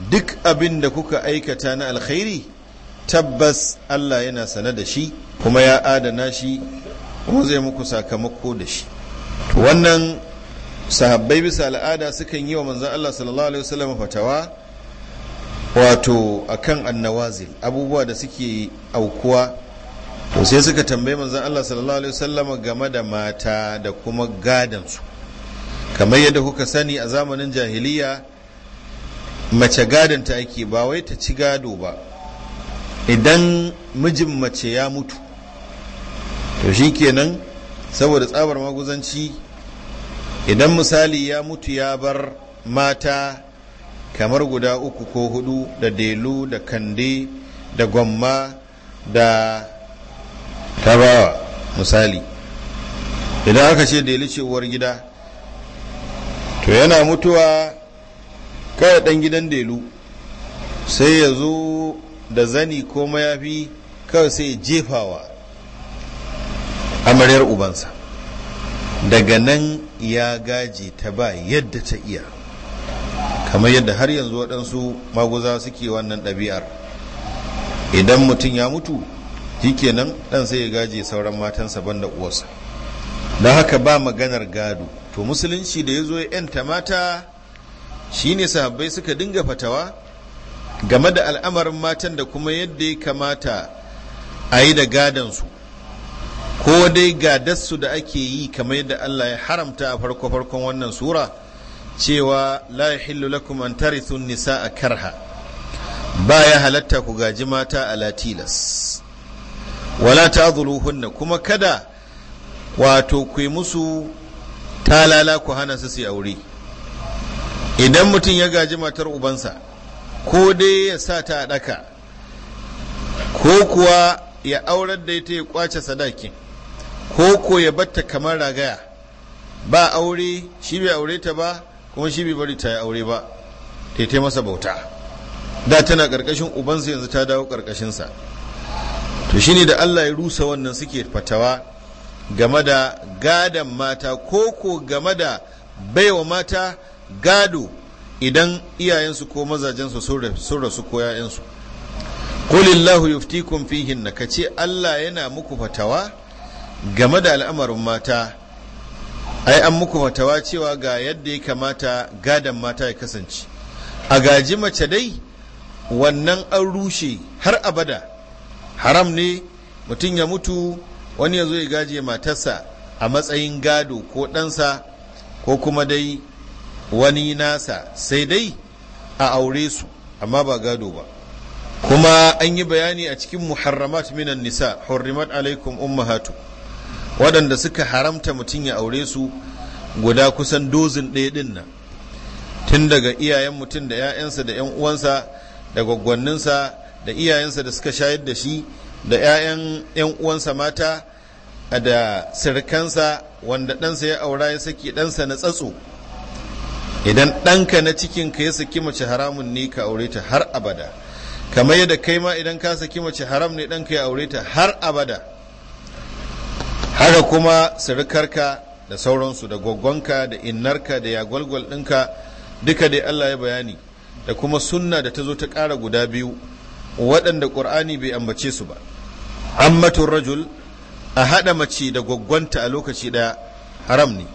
duk abin da kuka aikata na alkhairi tabbas Allah yana sane da shi kuma ya adana shi kuma zai muku sakamako da shi wannan sahabbai bisa al'ada sukan yi wa manzan Allah sallallahu alaihi wasallam fatawa wato akan annawazil abubuwa da suke aukuwa to sai suka tambaye manzan Allah sallallahu alaihi wasallam game da mata da kuma gadansu kamar yadda kuka sani a zamanin jahiliya mace gadon ta ake ba wai ta ci gado ba idan mijin mace ya mutu to shi kenan saboda tsabar maguzanci idan misali ya mutu ya bar mata kamar guda uku ko hudu da delu da kande da gwamma da tabawa misali idan aka ce delu ce uwar gida to yana mutuwa kawai ɗan gidan delu sai ya zo da zani ko mayafi kawai sai ya jefawa amaryar ubansa daga nan ya gaje ta ba yadda ta iya kamar yadda har yanzu waɗansu maguza suke wannan ɗabi'ar idan mutum ya mutu shikenan ɗan sai ya gaje sauran matansa banda uwarsa don haka ba maganar gado to musulunci da ya zo ya 'yanta mata shine sahabbai suka dinga fatawa game da al'amarin matan da kuma yadda ya kamata a yi da gadansu ko dai gadarsu da ake yi kamar yadda Allah ya haramta a farko-farkon wannan sura cewa la hillu lakum an nisa a karha ba ya halatta ku gaji mata a latilas wala ta ta'dhuluhunna kuma kada wato ku yi musu talala ku hana su su aure idan mutum ya gaji matar ubansa ko dai ya sa ta a ɗaka ko kuwa ya aurar da ita ya kwace sadaki ko ko ya batta kamar ragaya ba aure shi bai aure ta ba kuma shi bai bari ta yi aure ba ta masa bauta da tana ƙarƙashin ubansa yanzu ta dawo ƙarƙashinsa to ne da allah ya rusa wannan suke fatawa game da gadon mata ko ko game da baiwa mata gado idan iyayensu ko mazajensu sun rasu ko ‘ya'yansu kulillahu yuftikum fihin na kace Allah yana muku fatawa game da al'amarin mata ai an muku fatawa cewa ga yadda ya kamata gadon mata ya kasance a gaji mace dai wannan an rushe har abada haram ne mutum ya mutu wani ya zo ya gaje matarsa a matsayin gado ko ɗansa ko kuma dai wani nasa sai dai a aure su amma ba gado ba kuma an yi bayani a cikin muharramat minan nisa hurrimat alaikum ummahatu waɗanda suka haramta mutum ya aure su guda kusan dozin ɗaya ɗin nan tun daga iyayen mutum da 'ya'yansa da 'yan uwansa da gwaggwanninsa da iyayensa da suka shayar da shi da 'ya'yan 'yan uwansa mata da sirkansa wanda ɗansa ya aura ya saki ɗansa na tsatso idan ɗanka na cikinka ya saki mace haramun ne ka aure ta har abada kamar yadda kai ma idan ka saki mace haram ne ɗanka ya aure ta har abada haka kuma sirikarka da sauransu da gwaggonka da innarka da ya-gwalgwal ɗinka duka dai Allah ya bayani da kuma sunna da ta zo ta ƙara guda biyu waɗanda ƙur'ani bai ambace su ba ammatun rajul a haɗa mace da gwaggonta a lokaci ɗaya haram ne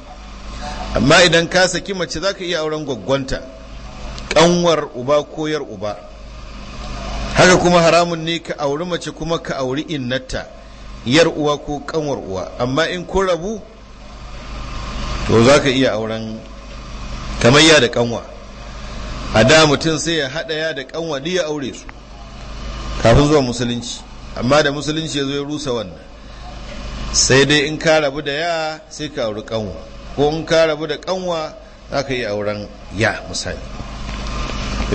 amma idan ka saki mace za ka iya auren gwaggwanta ƙanwar uba ko yar uba haka kuma haramun ne ka auri mace kuma ka auri innata yar uwa ko ƙanwar uwa amma in ko rabu to za ka iya auren kamayya da kanwa a da mutum sai ya haɗa ya da ƙanwa ya aure su kafin zuwa musulunci amma da musulunci ya zo ya rusa wannan sai dai in ka rabu da ya sai ka auri ƙanwa ko in ka rabu da kanwa za ka yi auren ya misali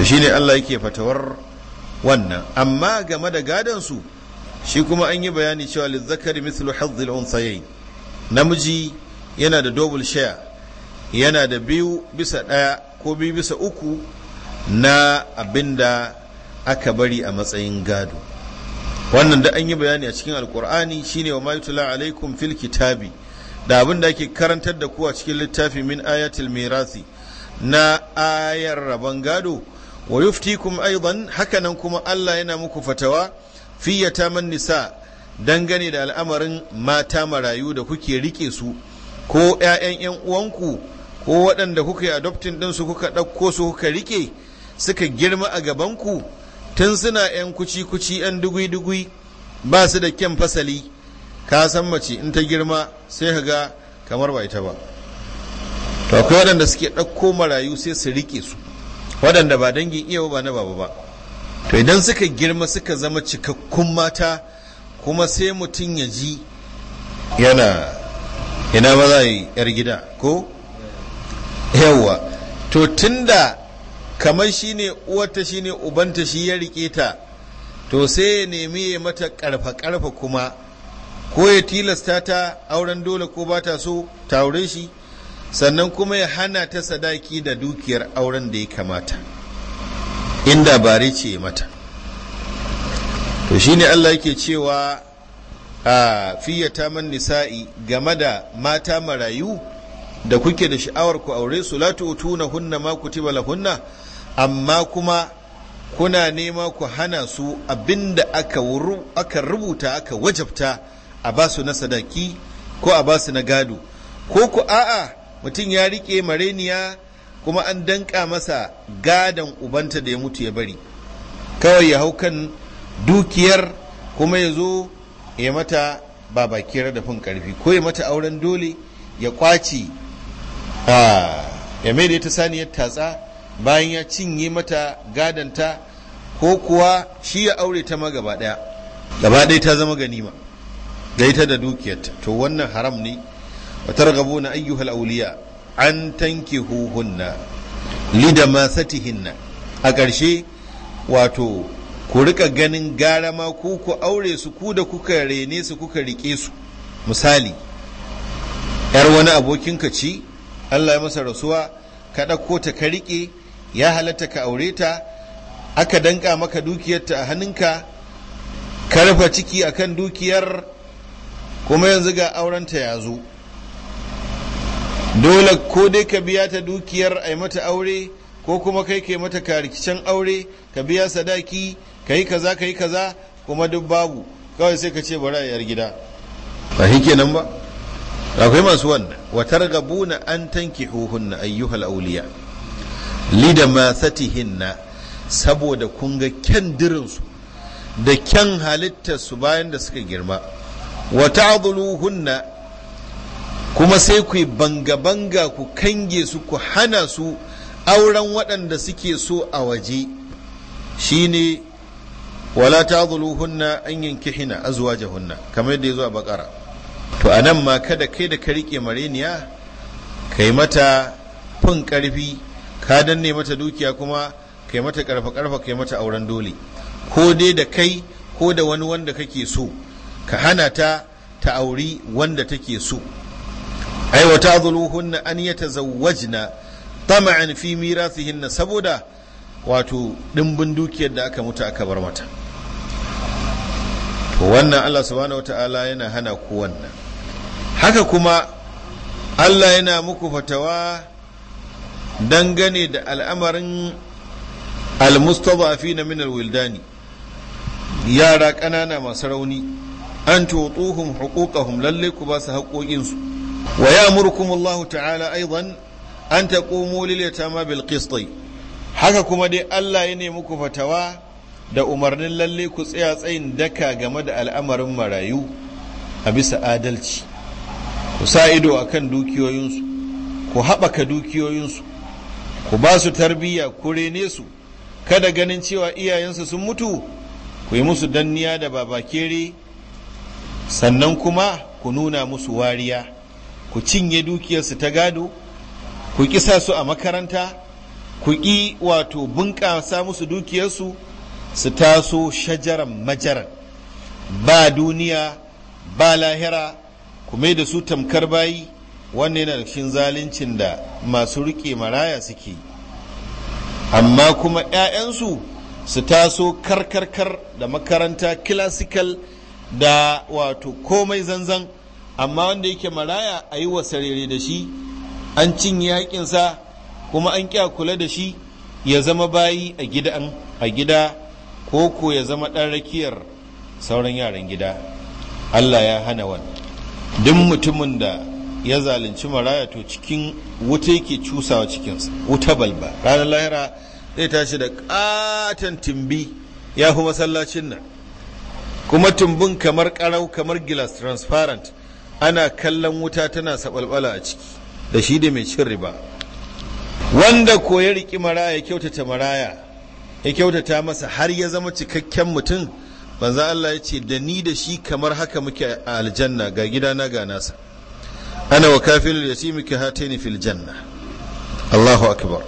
shi ne Allah yake fatawar wannan amma game da gadon su shi kuma an yi bayani cewa lizzakari mithlu hazzil unthayayn namiji yana da double share yana da biyu bisa ɗaya ko biyu bisa uku na abinda aka bari a matsayin gado wannan da an yi bayani a cikin alkur'ani shine wa mayutula alaikum fil kitabi da abin da ake karantar da ku a cikin littafi min ayatul mirasi na ayar rabon gado wa yuftikum aidan hakanan kuma Allah yana muku fatawa fi yataman nisa dangane da al'amarin mata marayu da kuke rike su ko 'ya'yan 'yan uwanku ko waɗanda kuka yi adoptin ɗinsu kuka ɗauko su kuka rike suka girma a gabanku tun suna 'yan kuci-kuci 'yan dugui-dugui ba su da kyan fasali ka san mace in ta girma sai ka ga kamar ba ita ba to akwai waɗanda suke ɗauko marayu sai su riƙe su waɗanda ba dangin iya ba na baba ba to idan suka girma suka zama cikakkun mata kuma sai mutum ya ji yana ina ba za yi yar gida ko yawwa to tunda kamar shine uwarta shi ne ubanta shi ya rike ta to sai ya nemi ya mata karfa karfa kuma ko ya tilasta ta auren dole ko ba ta so ta aure shi sannan kuma ya hana ta sadaki da dukiyar auren da ya kamata inda bare ce mata to shine Allah yake cewa a fiyata man nisa'i game da mata marayu da kuke da sha'awar ku aure su la tu'tuna hunna ma kutiba hunna? amma kuma kuna nema ku hana su abinda aka rubuta aka wajabta a ba su na sadaki ko a ba su na gado ko ku a'a mutum ya rike mareniya kuma an danka masa gadon ubanta da ya mutu ya bari kawai ya hau kan dukiyar kuma ya zo ya mata babakiyar da fin karfi ko ya mata auren dole ya kwaci ya mai da ta saniyar tatsa bayan ya cinye mata gadanta ko kuwa shi ya aure ta ma gaba daya gaba ta zama ganima da ita da dukiyarta to wannan haram ne wa na ayyuhal awliya an huhunna lida masatihinna a ƙarshe wato ku rika ganin gara ma ku ku aure su ku da kuka rene su kuka rike su misali yar wani abokinka ci Allah ya masa rasuwa ka ɗauko ta ka rike ya halatta ka aure ta aka danka maka dukiyarta a hannunka ka ciki akan dukiyar kuma yanzu ga aurenta ya zo dole ko dai ka biya ta dukiyar a mata aure ko kuma kai ke mata karikicen aure ka biya sadaki ka yi kaza ka yi kaza kuma duk babu kawai sai ka ce bari a gida ba shi kenan ba akwai masu wannan watar na an tanki huhunna ayyuhal auliya lida masatihinna saboda kunga kyan dirinsu da kyan halittarsu bayan da suka girma wa ta'dhuluhunna kuma sai ku banga-banga ku kange su ku hana su auren waɗanda suke so a waje shine wala ta'dhuluhunna an yankihina azwajahunna kamar yadda yazo a bakara to anan ma kada kai da ka rike mareniya kai mata fin ƙarfi ka danne mata dukiya kuma kai mata karfa karfa kai mata auren dole ko dai da kai ko da wani wanda kake so ka hana ta ta auri wanda take so ai wa tazuluhunna an yatazawwajna tama'an fi mirasihinna saboda wato dimbin dukiyar da aka mutu aka bar mata to wannan Allah subhanahu wata'ala yana hana ku wannan haka kuma Allah yana muku fatawa dangane da al'amarin almustadafina min wildani yara ƙanana masu rauni an tutuhum huquqahum lalle ku ba su haƙoƙin su wa ya'murukum Allah ta'ala aidan an taqumu lil yatama bil qist haka kuma dai Allah ya nemi ku fatawa da umarnin lalle ku tsaya tsayin daka game da al'amarin marayu a bisa adalci ku sa ido a kan dukiyoyinsu ku haɓaka dukiyoyinsu ku ba su tarbiyya ku rene su kada ganin cewa iyayensu sun mutu ku yi musu danniya da babakere sannan kuma ku nuna musu wariya ku cinye dukiyarsu ta gado ku kisa su a makaranta ku ƙi wato bunƙasa musu dukiyarsu su taso shajaran majaran ba duniya ba lahira ku mai da su tamkar bayi wannan yana cikin zaluncin da masu riƙe maraya suke amma kuma 'ya'yansu su taso karkarkar da makaranta classical da wato komai zanzan amma wanda yake maraya a yi wa sarere da shi an cinye yaƙinsa kuma an ƙya kula da shi ya zama bayi a gida a gida koko ya zama ɗan rakiyar sauran yaran gida Allah ya hana wani duk mutumin da ya zalunci maraya to cikin wuta yake cusawa cikinsa wuta balba ranar lahira zai tashi da ƙaton timbi ya fi masallacin nan kuma tumbin kamar karau kamar gilas transparent ana kallon wuta tana sabalbala a ciki da shi da mai cin riba wanda ko ya riki maraya ya kyautata maraya ya kyautata masa har ya zama cikakken mutum banza Allah ya ce da ni da shi kamar haka muke a aljanna ga gidana ga nasa ana wa kafin shi muke hata ni fil janna Allahu akbar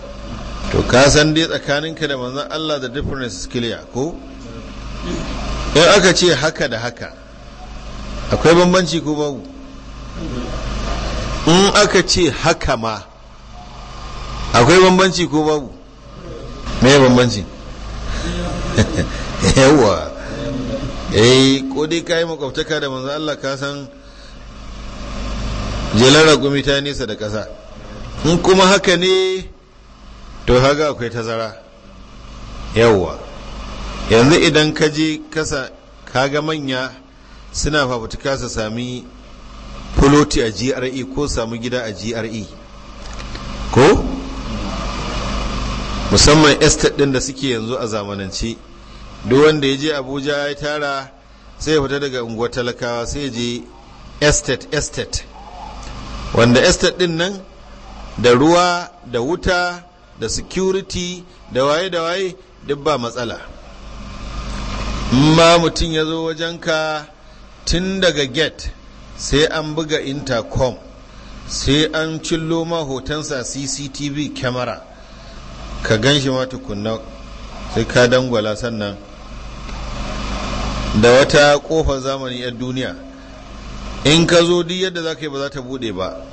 to ka san dai tsakaninka da manzon Allah da difference is clear ko in aka ce haka da haka akwai bambanci ko babu in aka ce haka ma akwai bambanci ko babu me bambanci yawa eh ko dai kai makwabtaka da manzo Allah ka san jelara ragumi ta nesa da ƙasa in kuma haka ne to haga akwai tazara yawa yanzu idan ka je kasa kaga manya suna fafutuka su sami fuloti a GRE ko sami gida a GRE ko musamman estate din da suke yanzu a zamanance duk wanda ya je abuja ya tara sai ya fita daga unguwar talakawa sai ya je estate estate wanda estate din nan da ruwa da wuta da security da waye da waye duk ba matsala amma mutum ya zo wajenka tun daga gate sai an buga intercom sai an cillo ma hotonsa cctv camera ka gan shi ma tukunna sai ka dangwala sannan da wata kofar zamani 'yan duniya in ka zo duk yadda za ka yi ba za ta bude ba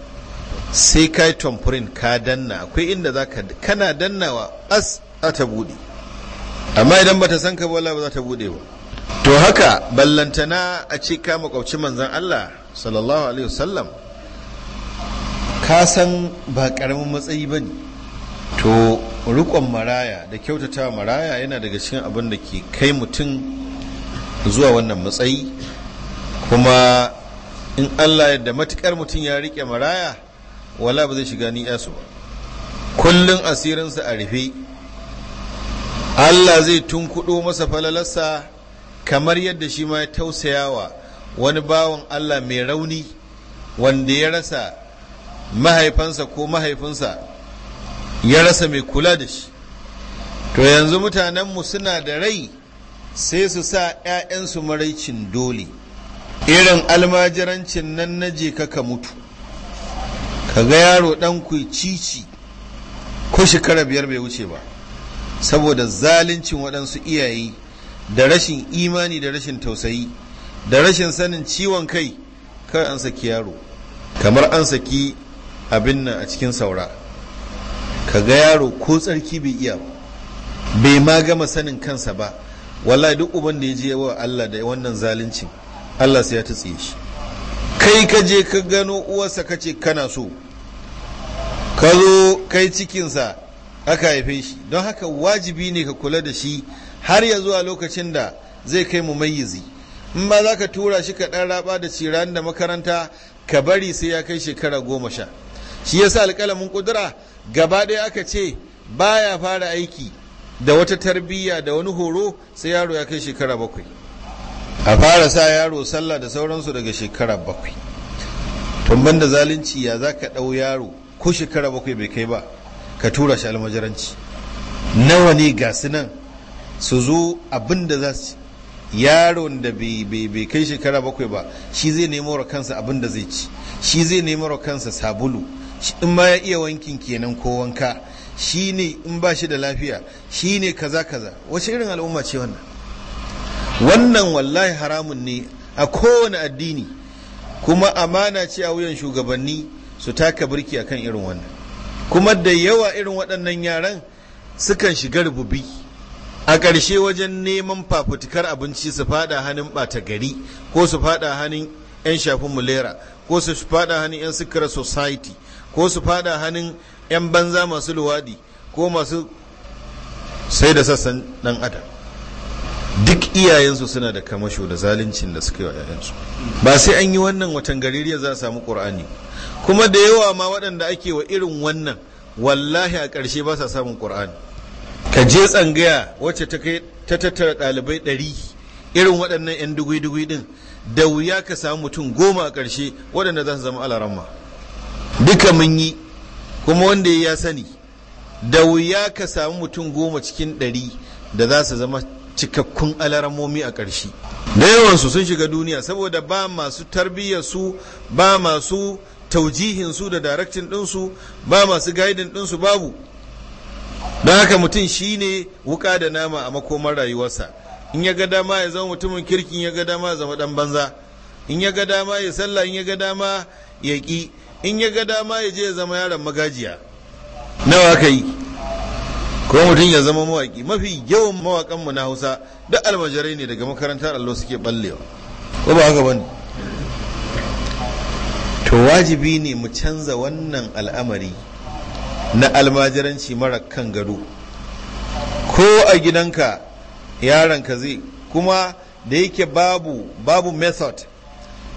sai ka yi tamfurin ka danna akwai inda za ka kana dannawa as a ta bude amma idan ba ta san ka ba ba za ta bude ba to haka ballantana a ce ka makwabci manzan Allah sallallahu alaihi wasallam ka san ba karamin matsayi ba ne to rikon maraya da kyautata maraya yana daga cikin abin da ke kai mutum zuwa wannan matsayi kuma in Allah yadda matukar mutum ya rike maraya wala ba zai shiga ni yasu ba kullum asirinsa a rufe Allah zai tunkuɗo masa falalarsa kamar yadda shi ma ya tausayawa wani bawan Allah mai rauni wanda ya rasa mahaifansa ko mahaifinsa ya rasa mai kula da shi to yanzu mutanenmu suna da rai sai su sa 'ya'yansu maraicin dole irin almajirancin nan na je ka mutu ka ga yaro ɗan ku cici ko shekara biyar bai wuce ba saboda zaluncin waɗansu iyaye da rashin imani da rashin tausayi da rashin sanin ciwon kai kar an saki yaro kamar an saki abin nan a cikin saura ka ga yaro ko tsarki bai iya bai ma gama sanin kansa ba wallahi duk uban da ya je wa Allah da wannan zalunci Allah sai ya tsiye shi kai ka je ka gano uwarsa ka ce kana so ka zo kai cikinsa aka haife shi don haka wajibi ne ka kula da shi har ya zuwa lokacin da zai kai mu mayyizi in ba za ka tura shi ka ɗan raba da ciran da makaranta ka bari sai ya kai shekara goma sha shi ya sa alƙalamin ƙudura gaba ɗaya aka ce ba ya fara aiki da wata tarbiyya da wani horo sai yaro ya kai shekara bakwai a fara sa yaro sallah da sauransu daga shekara bakwai tumban da zalunci ya za ka ɗau yaro ko shekara bakwai bai kai ba ka tura shi almajiranci nawa ne ga nan su zo abin da za su yaron da bai kai shekara bakwai ba shi zai nemo wa kansa abin da zai ci shi zai nemo wa kansa sabulu in ma ya iya wankin kenan ko wanka shi ne in ba shi da lafiya shi ne kaza kaza wace irin al'umma ce wannan wannan wallahi haramun ne a kowane addini kuma amana ce a wuyan shugabanni su taka birki akan irin wannan kuma da yawa irin waɗannan yaran sukan shiga rububi a ƙarshe wajen neman fafutukar abinci su fada hannun ɓata gari ko su fada hannun 'yan shafin mulera ko su fada hannun 'yan sikira society ko su fada hannun 'yan banza masu luwadi ko masu sai da sassan ɗan adam duk iyayensu suna da kamasho da zaluncin da suka yi wa 'ya'yansu ba sai an yi wannan watan gariri za a samu ƙur'ani kuma da yawa ma waɗanda ake wa irin wannan wallahi a ƙarshe ba sa samun ƙur'ani ka je tsangaya wacce ta kai ta tattara ɗalibai ɗari irin waɗannan 'yan dugui-dugui ɗin da wuya ka samu mutum goma a ƙarshe waɗanda za su zama alaramma duka mun yi kuma wanda ya sani da wuya ka samu mutum goma cikin ɗari da za su zama cikakkun alaramomi a ƙarshe da yawansu sun shiga duniya saboda ba masu tarbiyyarsu ba masu taujihinsu da daraktin ɗinsu ba masu gaidin ɗinsu babu don haka mutum shine wuka da nama a makomar rayuwarsa in ya ga dama ya zama mutumin kirki in ya ga dama ya zama dan banza in ya ga dama ya sallah in ya ga dama ya ƙi in ya ga dama ya je ya zama yaron magajiya nawa ka yi ko mutum ya zama mawaƙi mafi yawan mawakanmu na hausa duk almajirai ne daga makarantar allo suke ballewa ko ba haka bane to wajibi ne mu canza wannan al'amari na almajiranci mara kan gado ko a gidanka yaranka zai kuma da yake babu babu method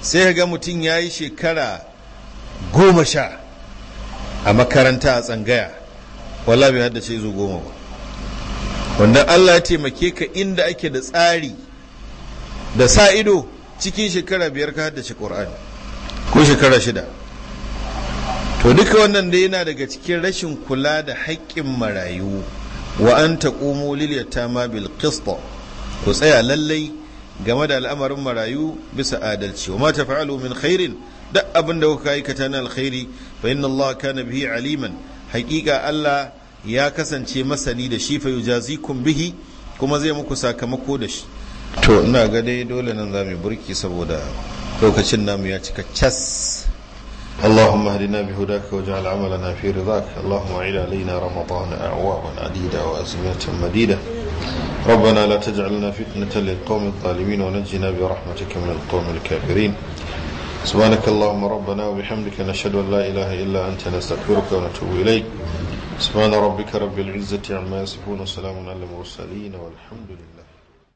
sai ga mutum ya yi shekara goma sha a makaranta a tsangaya wala bai haddace zo goma ba wanda allah ya taimake ka inda ake da tsari da sa ido cikin shekara biyar ka haddace ƙorani ko shekara shida to duka wannan da yana daga cikin rashin kula da haƙƙin marayu wa an taqumu lil ma bil kisto ku tsaya lallai game da al'amarin marayu bisa adalci wa mata taf'alu min khairin duk abin da kuka aikata na alkhairi fa inna Allah kana bihi aliman haƙiƙa Allah ya kasance masani da shi fa yujazikum bihi kuma zai muku sakamako da shi to ina ga dai dole nan za mu burki saboda lokacin namu ya cika cas اللهم اهدنا بهداك واجعل عملنا في رضاك اللهم اعد علينا رمضان اعوابا عديده وازمنه مديده ربنا لا تجعلنا فتنه للقوم الظالمين ونجنا برحمتك من القوم الكافرين سبحانك اللهم ربنا وبحمدك نشهد ان لا اله الا انت نستغفرك ونتوب اليك سبحان ربك رب العزه عما يصفون وسلام على المرسلين والحمد لله